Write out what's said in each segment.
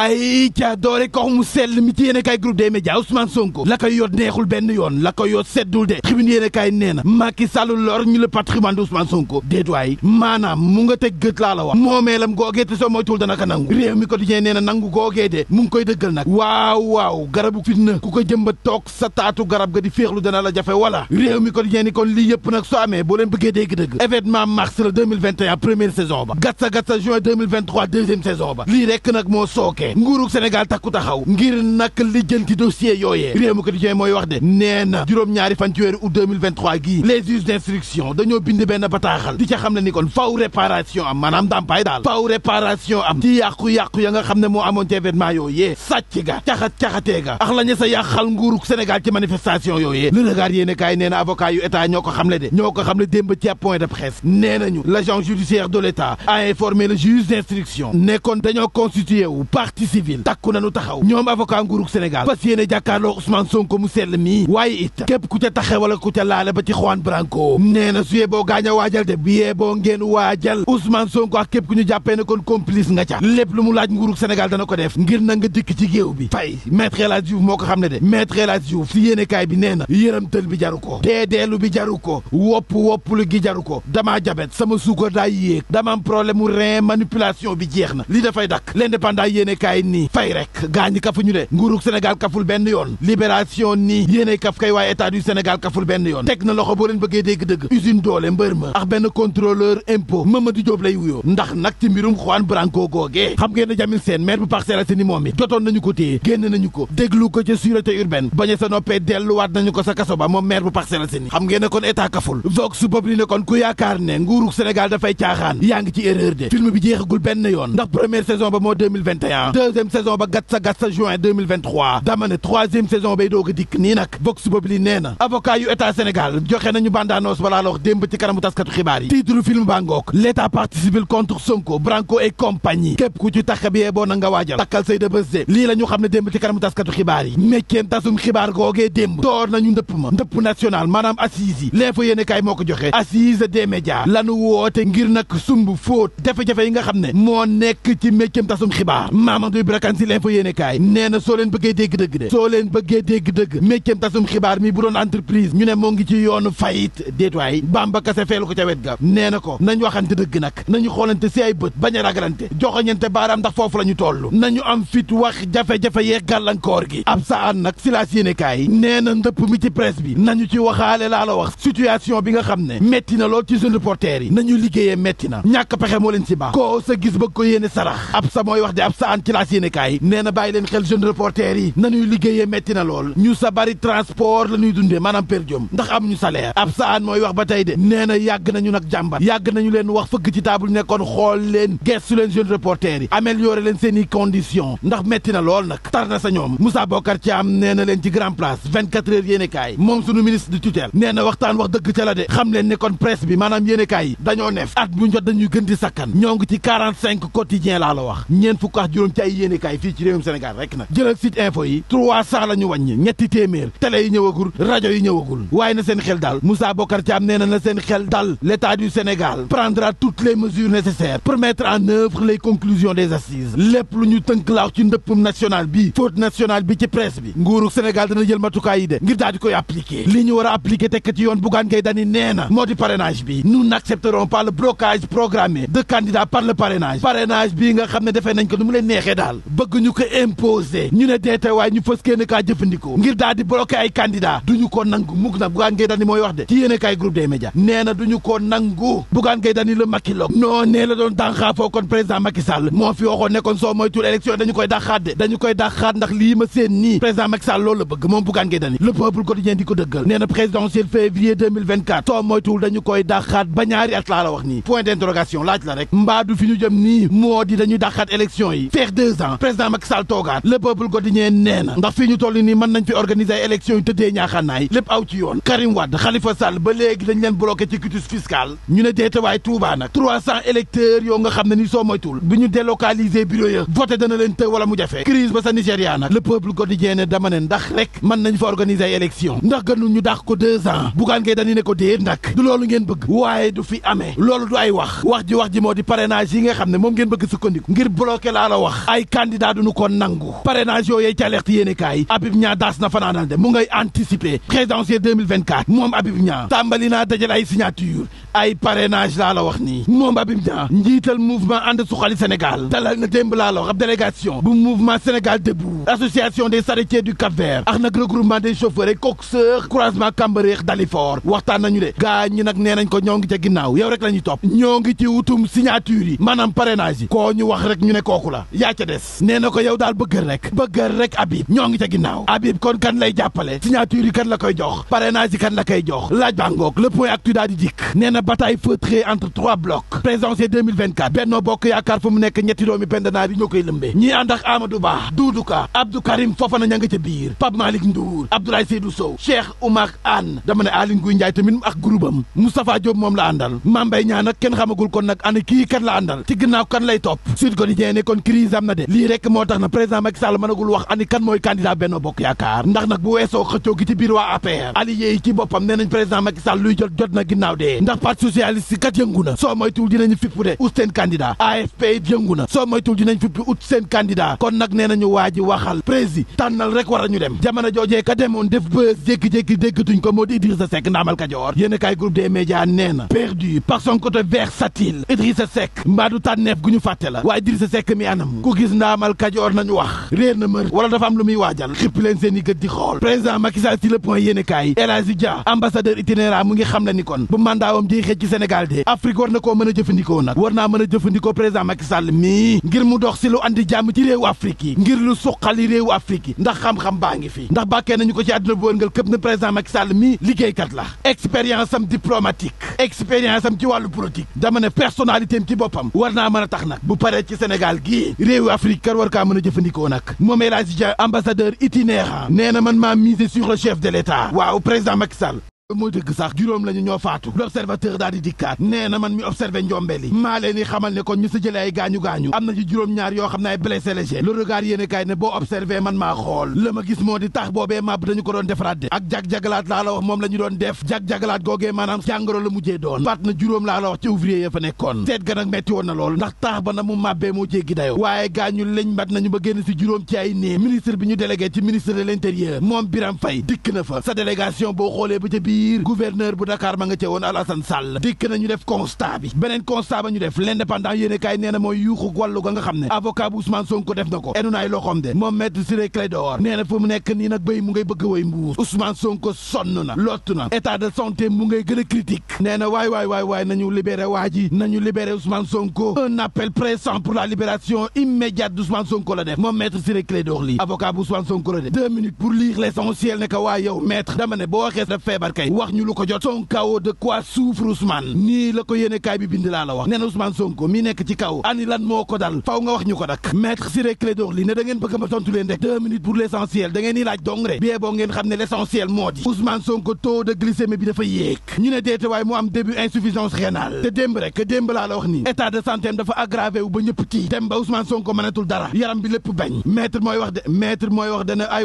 ay ca doore kox mu sell mi ci yéen a kaay groupe des médias Ousmane Sonko la koy yoot neexul benn yoon la koy yoot seddul de tribune yéen a kaay nee na Macky Sall lor ñu le patrimoine de Ousmane Sonko déetuwaay maanaam mu nga teg gët laa la wax moomeelam googee te soo moytuwul dana nangu réew mi quotidien nee na nangu googee de mu ngi koy dëggal nag waaw waaw garabu fitna ku ko jëmba toog sa taatu garab ga di féexlu dana la jafe wala réew mi quotidien ni kon lii boo leen bëggee dégg dëgg saison ba gatsa gatsa juin 2023 deuxième saison ba lii rek nag moo sookee loolee nguurug Sénégal takku taxaw ngir nag lijjanti dossier yooyee réew mi ko di mooy wax de nee na juróom-ñaari fan ci weeru août 2023 gii les juges d'instruction dañoo bind benn bataaxal di ca xam ne ni kon faw réparation am maanaam ndàmpaay daal faw réparation am ci yàqu-yàqu ya nga xam ne moo amoon ci événement yooyee sàcc ga caxat-caxatee ga ax la ña sa yàqal nguurug Sénégal ci manifestation yooyee le regard yéene kaay nee na avocat état ñoo ko xamle de ñoo ko xamle démb ci point de presse nee nañu l'agent judiciaire de l'état a partie civile takku nañu taxaw ñoom avocat nguurug Sénégal fas yéene jàkkaarloo Ousmane Sonko mu sell mii waaye it képp ku ca taxe wala ku ca laale ba ci Juan Branco nee na suyee boo gaañ a waajal de bu yee boo ngeen waajal Ousmane Sonko ak képp ku ñu jàppee ne kon complice nga ca lépp lu mu laaj nguurug Sénégal dana ko def ngir na nga dikk ci géew bi fay maître El Hadj Diouf moo ko xam ne de maître El Hadj Diouf si yéenekaay bi nee na yëramtël bi jaru ko deedeelu bi jaru ko wopp wopplu gi jaru ko damaa jabet sama suukar daa yéeg problème mu manipulation bi jeex na li dafay dakk l'indépendant yéene kaay nii fay rek gaañi kafuñu de nguurug Sénégal kaful benn yoon libération nii yéenay kaf kay waaye état du Sénégal kaful benn yoon teg na loxo boo leen bëggee dégg-dëgg usine doole mbër ma ak benn contrôleur impôt Mamadou Diop lay wuyoo ndax nag ci mbirum Juan Branco googee xam ngeen ne Jamil Sène maire bu Parcelles Assainies moom mi jotoon nañu ko téye génn nañu ko déglu ko ca sûreté urbaine bañ a sa noppee delluwaat nañu ko sa kaso ba moom maire bu Parcelles Assainies yaa ngi yoon ndax deuxième saison ba gat sa gat sa juin 2023 dama ne troisième saison bay doog a dikk nii nag Vox Populi nee na avocat yu état Sénégal joxe nañu bandaanoos balaa la wax démb ci kanamu taskatu xibaar yi titre film bangook l'état partie civile contre Sonko Branco et compagnie képp ku ci takk bi yee boo na nga waajal takkal say dëbës de lii la xam ne démb ci kanamu taskatu xibaar yi mekkeen tasum xibaar googee démb door nañu ndëpp ma ndëpp national maanaam nga xam ne moo nekk ci mekkeem tasum xibaar Mamadou Ibrahima si l'info yéene kaay nee na soo leen bëggee dégg dëgg de soo leen bëggee dégg dëgg mécceem tasum xibaar mi bu doon entreprise ñu ne moo ngi ci yoonu fayit déetwaay Bamba Kassé feelu ko ca wet ga nee na ko nañ waxante dëgg nag nañu xoolante si ay bët bañ a ragalante joxoñante baaraam ndax foofu la ñu toll nañu am fit wax jafe-jafe yeeg gàllankoor gi ab saan nag si laas yéene kaay nee na ndëpp mi ci presse bi nañu ci waxaale laa la wax situation bi nga xam ne metti na lool ci suñu yi nañu liggéeyee metti na ñàkk pexe moo leen si baax koo sa gis bëgg ko yéene sarax ab sa mooy wax de ab saan ci laas yéene kaay nee na bàyyi leen xel jeune reporter yi nañuy liggéeyee metti na lool ñu sa bari transport la ñuy dundee maanaam ndax am ñu salaire ab saan mooy wax ba tey de nee yàgg nañu nag jàmbat yàgg nañu leen wax fëgg ci table nekkoon xool leen gestu leen jeune reporter yi améliorer leen seen i ndax metti na lool nag tar na sa ñoom Moussa Bokar Thiam nee na leen ci grand place 24 kaay moom sunu ministre di sakkan ñoo ci ay yéenekaay fii ci réewum Sénégal rek nag jëlal site info yi 300 la ñu ñetti téeméer télé yi ñëwagul rajo yi ñëwagul waaye na seen xel daal Moussa Bokar Thiam nee na na seen xel daal l'État du Sénégal prendra toutes les mesures nécessaires pour en œuvre les conclusions des assises lépp lu ñu tënk laaw ci ndëppum national bi faute nationale bi ci presse bi nguuru Sénégal dana jël matukaay yi de ngir daal koy appliquer li ñu war a na bi nous n'accepterons pas ne defee nañ ko nu joxe daal bëgg ñu ko imposer ñu ne deete waaye ñu fës kenn jëfandikoo ngir daal di bloqué ay candidat du ko nangu mukk nag Bougane Gueye mooy wax de ci yéen kaay groupe des nee na du ko nangu Bougane Gueye Dany la makiloog non nee la doon dànxaafoo kon président Macky Sall moo fi waxoon nekkoon soo moytul élection dañu koy dàqaat de dañu koy dàqaat ndax lii ma seen nii président Macky Sall loolu la bëgg moom Bougane Gueye Dany deux ans président Macky Sall toogaat le peuple nee na ndax fii ñu toll nii mën nañ fi organiser ay yu tëddee ñaaxanaay lépp aw ci yoon Karim Wade Khalifa Sall ba léegi dañ leen bloqué ci cutus fiscal ñu ne deetewaay Touba nag trois cent électeurs yoo nga xam ne ni soo moytul bi ñu délocaliser bureau ya voté dana leen të wala mu jafe crise ba sa Nigéria nag le peuple ne dama ne ndax rek mën nañ fa organiser ay ndax gënul ay candidat duñu ko nangu parrainage yooyu ci alerte yéene kaay Habib Niang daas na fanaanal de mu ngay anticiper présidentielle 2024 moom Habib Niang tàmbali naa dajal ay signature ay parrainage laa la wax nii moom Habib Niang njiital mouvement ànd suxali Sénégal dalal na démb laa la wax ab bu mouvement Sénégal debout association des charretiers du Cap Vert ak nag regroupement des chauffeurs et coxeurs croisement Cambérène Dalifort waxtaan nañu de gaa ñi nag nee nañ ko ñoo ngi ca ginnaaw yow rek la ñuy topp ñoo ngi ci wutum signature yi maanaam parrainage yi koo ñu wax rek ñu ne kooku la yaa ca des nee na ko yow daal bëggal rek bëggal rek Habib ñoo ngi ca ginnaaw Habib kon kan lay jàppale signature yi kan la koy jox parrainage yi kan la koy jox laaj baa ngoog le point actu daal di benn bataille feutrée entre trois blocs présidentielle 2024 Benno Bokk Yaakaar fu mu nekk ñetti doomi pendanaa bi ñoo koy lëmbee ñii ànd ak Amadou Ba Doudou Ka Abdou Karim Fofana ca biir Pape Malick Ndour Abdoulaye Seydou Sow Cheikh Oumar Anne dama ne Aly Ngouille tamit ak groupam Moustapha Diop moom la àndal Mame Mbaye kenn xamagul kon nag ana kii kat la àndal ci ginnaaw kan lay topp Sud Quotidien ne kon crise na de lii rek moo tax na président parti socialiste kat yëngu na soo moytuwul dinañu fippu de ut seen candidat AFP it yëngu kon nag nee nañu waa waxal prési tànnal rek war a ñu dem jamono joojee ka demoon def bës jékki-jékki déggatuñ ko moo di Idrissa Seck ndaamal Kajoor yéen a kaay groupe des médias nee na perdu par son côté versatile Idrissa Seck mbaadu tànneef gu ñu fàtte la waaye Idrissa Seck mi anam ku gis ndaamal Kajoor nañu wax réer na mër wala dafa am lu muy waajal xippi leen seen i a yi xëj ci Sénégal de Afrique war na koo mën a jëfandikoo nag war naa mën a jëfandikoo président Macky Sall mii ngir mu dox si lu andi jàmm ci réewu Afrique yi ngir lu suqali réewu Afrique yi ndax xam-xam baa ngi fi ndax bàkkee nañu ko ci àdduna bu wërngal këpp na président Macky Sall mii liggéeykat la expérience am diplomatique expérience am ci wàllu politique dama ne personnalité am ci boppam war naa mën a tax nag bu paree ci Sénégal gii réewu Afrique kar war kaa mën a jëfandikoo nag moom El Hadji Dia ambassadeur itinérant nee na man maa miser sur le chef de l'État waaw président Macky Sall moo dëgg sax juróom lañu ñoo faatu l'observateur daal di dikkaat nee na man mi observé njombeli maa xamal ne kon ñu sa ay gaañu-gaañu am na ci juróom-ñaar yoo xam ne ay blessé léger le regard yéen kaay ne boo observé man maa xool la ma gis moo di tax boobee màbb dañu ko doon defaraat de ak jag laa la wax moom la doon def jag-jagalaat googee maanaam jàngoro la mujjee doon faat na juróom laa la wax ci ouvrier ya fa nekkoon seet ga metti woon na lool ndax taax bi ñu délégué ci ministre de l'intérieur moom Biram Fay dikk na boo xoolee ba biir gouverneur bu Dakar ma nga ca woon Alassane Sall dikk na def constat bi beneen constat ba ñu def l'indépendant yéene kaay nee mooy yuuxu wàllu ga nga xam ne avocat bu Ousmane Sonko def na ko enu naay loxoom de moom maître Ciré Clédor nee na fu mu nekk nii nag béy mu ngay bëgg way mbuus Ousmane Sonko sonn na lottu na état de santé mu ngay gën a critique waay waay waay waay nañu libéré waa ji nañu libéré Ousmane Sonko un appel pressant pour la libération kaay wax ñu lu ko jot son kaw de quoi souffre Ousmane nii la ko yéene kaay bi bind laa la wax nee na Ousmane Sonko mi nekk ci kaw ani lan moo ko dal faw nga wax ñu ko dak maître Ciré Clédor Ly ne da ngeen ma tontu leen rek deux minutes pour l' essentiel da ngeen laaj dong rek bie boo ngeen xam ne l' essentiel moo di Ousmane Sonko taux de glycémie bi dafa yéeg ñu ne deete waaye mu am début insuffisance rénale te démb rek démb laa la wax nii état de bi lépp bañ maître mooy wax de maître mooy wax dana ay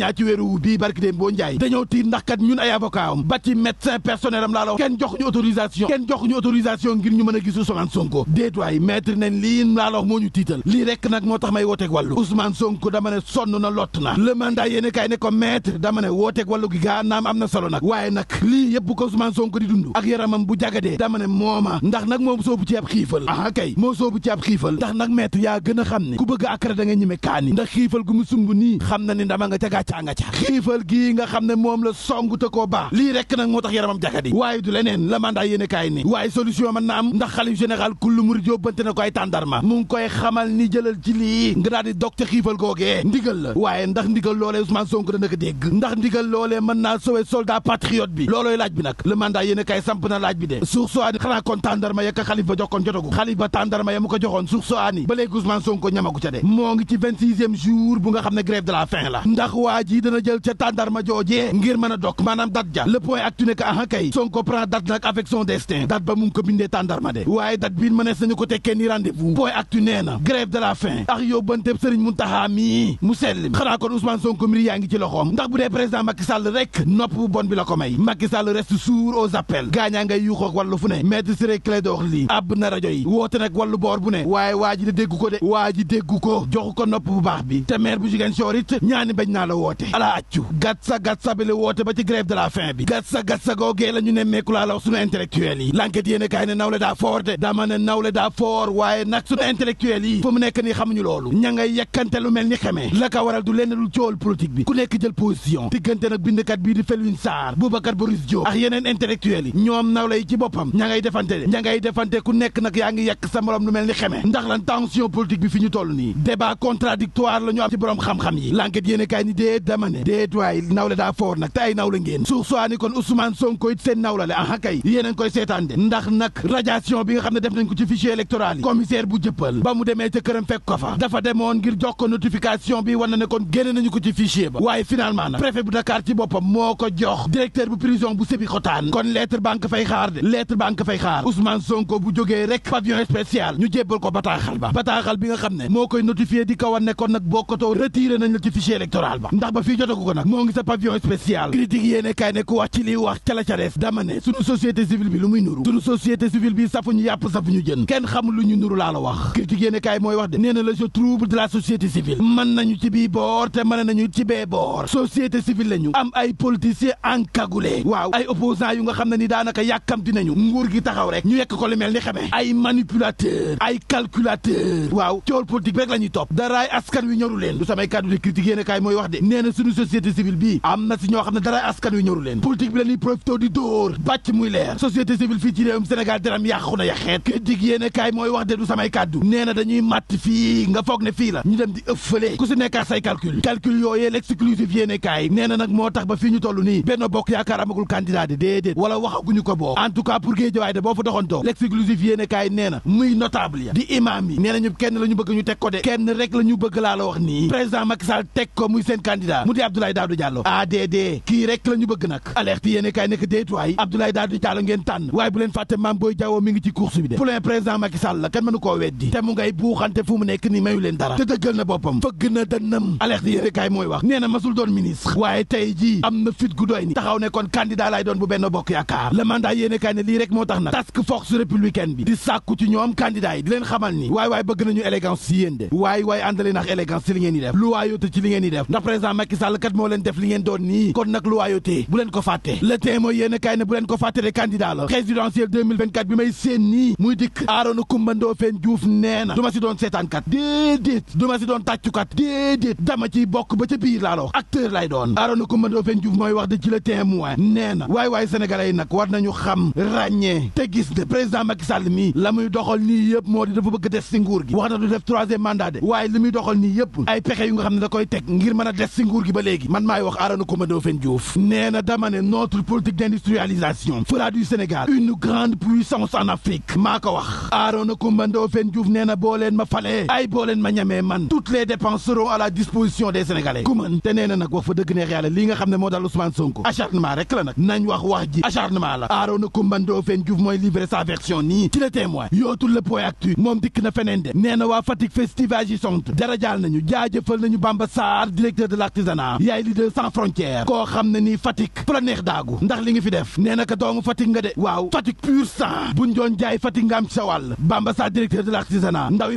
ñaar ci weeru bii barki déem boo njaay dañoo tiit ndax kat ñun ay avocat am ba ci médecin personnel am laa la kenn jox ñu autorisation kenn jox ñu autorisation ngir ñu mën a gis Ousmane Sonko déet waay maître nañ lii laa la moo ñu tiital lii rek nag moo tax may wooteeg wàllu Ousmane Sonko dama ne sonn na lott na le mandat yéene kaay ne ko maître dama ne wooteeg wàllu gi gaa am na solo nag waaye nag lii yëpp ko Ousmane Sonko di dund ak yaramam bu jagadee dama ne mooma ndax nag moom soobu ci ab xiifal ah kay moo soobu ci ab xiifal ndax nag maître yaa a gàccaa nga caa xiifal gii nga xam ne moom la song te koo baa lii rek nag moo tax yaramam jakadi waaye du leneen la mandat yéene ni waaye solution mën na am ndax xalif général kullu murid yóbbante na ko ay tàndarma mu ngi koy xamal ni jëlal ci lii nga daal di dog te xiifal googee ndigal la waaye ndax ndigal loolee Ousmane Sonko dana ko dégg ndax ndigal loolee mën naa sowe soldat patriote bi loolooy laaj bi nag le mandat yéene samp na laaj bi waa ji dana jël ca tàndarma joojee ngir mën a dok maanaam dat ja le point actu ne que aha kay Sonko nag avec destin date ba mu ko bindee tàndarma de waaye date bii mënees nañu ko tekkee ni rendez-vous point actu nee na grève de la faim ak yóbbanteb Serigne Mountakha mii mu xanaa kon Ousmane Sonko mbir yaa ngi ci loxoom ndax bu dee président Macky rek nopp bu bon bi la ko may Macky Sall reste sourd aux appels gaañaa ngay yuuxook fu ne maître Ciré na rajo yi woote nag woote ala accu gatsa gatsa bi la woote ba ci grève de la faim bi gatsa gatsa googee la ñu ne meeku laa la sunu intellectuel yi l'enquête yéene kaay ne nawle daa foor de dama ne nawle daa foor waaye nag sunu intellectuel yi fu mu nekk ni xamuñu loolu ña yekkante lu mel ni xemee la waral du lenn lu coowal politique bi ku nekk jël position diggante nag bindkat bii di Felwine Sarr Boubacar Boris Diop ak yeneen intellectuel yi ñoom nawle yi ci déet dama ne déet waay nawle daa foor nag te ay nawle ngeen suuf soi ni kon Ousmane Sonko it seen nawla le kay yéen a koy seetaan de ndax nag radiation bi nga xam ne def nañ ko ci fichier électoral yi commissaire bu jëppal ba mu demee ca këram fekk ko fa dafa demoon ngir jox ko notification bi wan na ne kon génne nañu ko ci fichier ba waaye finalement nag préfet bu Dakar ci boppam moo ko jox directeur bu prison bu Sébikotane kon lettre banque fay xaar ba bataaxal bi ne moo ko wan ne kon nag bokkatoo ndax ba fii jotagu ko nag moo ngi sa pavillon spécial critique yéene kaay ne ku wax ci liy wax ca la ca des dama ne sunu société civile bi lu muy nuru sunu société civile bi safuñu yàpp safuñu jën kenn xamul lu ñu nuru laa la wax critique yéene kaay mooy wax de nee na la je trouble de la société civile mën nañu ci bii boor te mën nañu ci bee boor société civile lañu am ay politiciens encagoulés waaw ay opposants yu nga xam ne ni daanaka yàkkamti nañu nguur gi taxaw rek ñu yekk ko li mel ni xamee ay manipulateurs ay calculateurs waaw cool politique rek la ñuy topp daraay askan ñoru leen du samay kàddu de mooy wax de nee na suñu société civile bi am na si ñoo xam ne dara askan wi ñoru leen politique bi la ñuy di dóor bàcc muy leer société civile fii ci réewum Sénégal deram yàqu na yaxeet critique yéene kaay mooy wax de du samay kàddu nee na dañuy màtt fii nga foog ne fii la ñu dem di ëffale ku si nekkaat say calcul calcul yooyee l'exclusif yéene kaay nee nag moo tax ba fii ñu toll nii benn bokk yaakaar amagul candidat di déedéet wala waxaguñu ko boo en tout candidat mu di Abdoulaye Daouda Diallo ADD kii rek la bëgg nag alerte yéene kaay nekk déetuwaay Abdoulaye Daouda Diallo ngeen tànn waaye bu leen fàtte Mame Boye Diao mi ngi ci course bi de président Macky la kenn mënu weddi te mu ngay buuxante fu mu nekk ni mayu leen dara te dëggal na boppam fëgg na dënnam alerte yéene kaay mooy wax nee na masul doon ministre waaye tey jii am na fit gu doy taxaw ne kon candidat laay doon bu benn bokk président Sall kat moo leen def li ngeen doon nii kon nag luwaayotee bu leen ko fàtte le temps mooy yéen a kaay bu leen ko fàtte de candidat la présidentielle 2024 bi may séen nii muy dikk Arona Coumba Ndoffène Diouf nee na du ma si doon seetaankat déedéet du ma si doon tàccukat déedéet dama ci bokk ba ca biir laa la wax acteur lay doon Arona Coumba Ndoffène Diouf mooy wax de ci le temps mooy nee na waay waay sénégalais nag war nañu xam ràññee te gis ne président mak Sall mii la muy doxal nii yëpp moo di dafa bëgg des si nguur gi wax na du def troisième mandat de muy doxal nii yëpp ay pexe yu nga xam ne da teg ngir mën a des si nguur gi ba léegi man maay wax Arona Coumba Ndoffène Diouf nee dama ne notre politique d'industrialisation fera du Sénégal une grande puissance en Afrique maa ko wax Arona Coumba Ndoffène Diouf nee boo leen ma falee ay boo leen ma ñamee man toutes les dépenses à la disposition des Sénégalais ku te nee nag wax fa dëgg neex yàlla li nga xam ne moo daal Ousmane Sonko acharnement rek la nag nañ wax wax ji acharnement la Arona Coumba l'artisanat yaay leader sans frontière koo xam li nga fi def nee na ka doomu Fatick nga de waaw Fatick pur sang doon jaay Fatick nga am ci sa wàll Bamba Sarr directeur de l'artisanat ndaw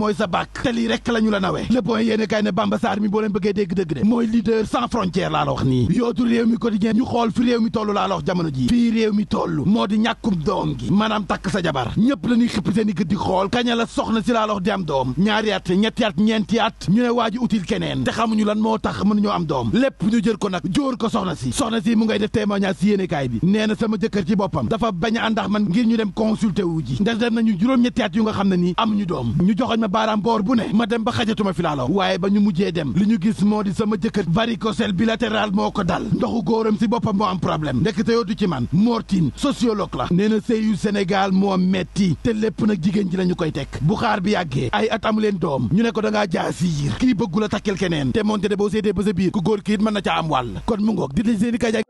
mooy sa bàkk te lii la ñu la nawee le point yéene kay ne Bamba Sarr mi boo leen bëggee dégg dëgg de mooy leader sans frontière laa la wax nii yootu réew mi quotidien ñu xool fi réew mi toll laa la wax jamono ji fii réew mi toll moo di ñàkkum doom gi maanaam takk sa jabar ñëpp la ñuy xëpp seen i gët di xool kaña la soxna si laa la wax di am doom ñaari at ñetti at ñeenti at ñu ne waa ji utile keneen te xamuñu lan moo tax mënuñoo am doom lépp ñu jël ko nag jóor ko soxna si soxna si mu ngay def témoignage si yéenekaay bi nee na sama jëkkër ci boppam dafa bañ a àndax man ngir ñu dem consulter wu ji ndax dem nañu juróom-ñetti at yu nga xam ne nii amuñu doom ñu joxoñ ma baaraam boor bu ne ma dem ba xajatuma fi laalaw waaye ba ñu mujjee dem li ñu gis moo di sama jëkkër varicocèle bilatéral moo ko dal ndoxu góoram si boppam moo am problème ndekete yoo du ci man Mortine sociologue la nee na sëyu Sénégal moo metti te lépp nag jigéen ji lañu koy teg bu xaar am leen doom ñu ne ko jaasiir kii bëggul a takkal keneen te moonte de boo seetee ba sa biir ku góor ki it na ca am wàll kon mu ngoog di di seen i